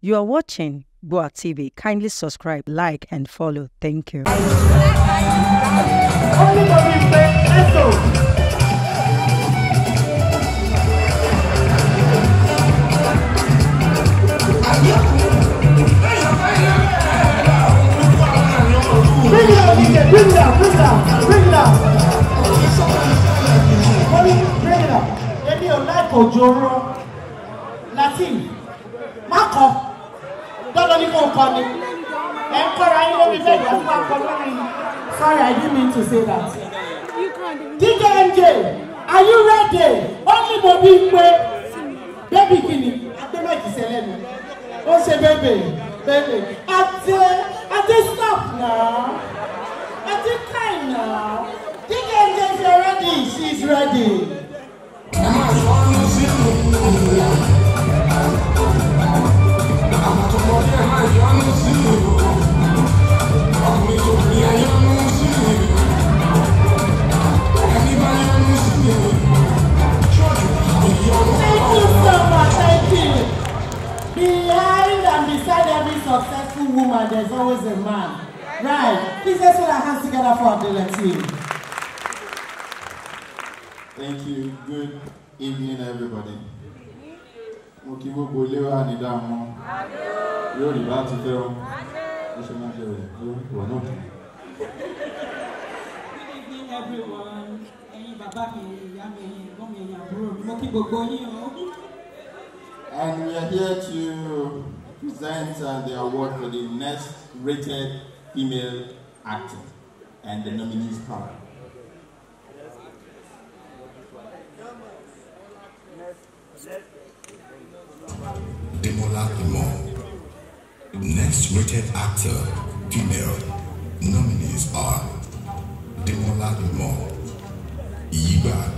You are watching Boa TV. Kindly subscribe, like, and follow. Thank you. Bring bring bring it it it up, up, up, Èmi ò láìpọ̀ jòrò Latin, má kọ́ tọ́lọ́ ní kò kọ́ sorry I didn't mean to say that. DJ MJ are you ready? ó ní mo bí pé bébì kìíní agbẹ́mẹ̀jì sẹ́lẹ̀ mi ó ṣe bébè bébè. successful woman, there's always a man. Right. Please let's put our hands together for Abdullah team. Thank you. Good evening, everybody. Mo kí gbogbo ilé wa ní dáhùn. Yóò rí láti fẹ́ wọn. Ó ṣe máa bẹ̀rẹ̀ lórúkọ náà. Good evening, everyone. Ẹ̀yin bàbá mi, ìyá mi, ẹ̀yin ẹ̀gbọ́n mi, ẹ̀yin àbúrò And we are here to presents uh, the award for the next rated female actor, and the nominees are. Demola Imon, next rated actor, female. Nominees are Demola Imon, Yiba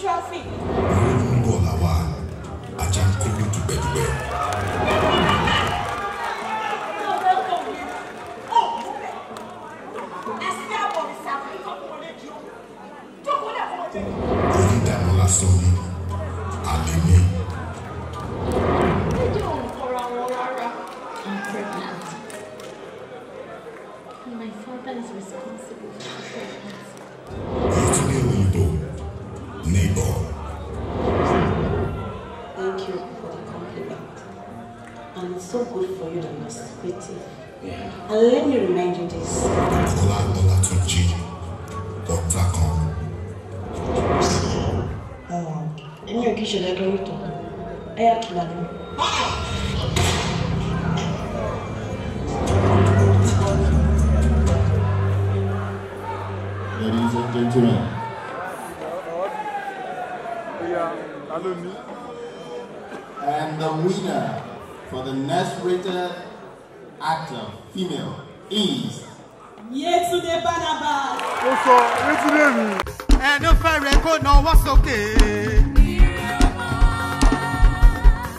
traffic. olùkọ́ la wà ajá ń kó ní dùgbẹ́dùgbẹ́. onídàánú lásán ni àlè ni. My father is responsible for the pregnancy. neighbor. Thank you for the compliment. And it's so good for you to masturbating. Yeah. And let me remind you this. Oh, kitchen, to. I have to Ladies and gentlemen, And the winner for the Next Rated Actor Female is. Yetunde Banaba. Ó sọ Yetunde mi. Ẹnu fẹ́rẹ̀ kó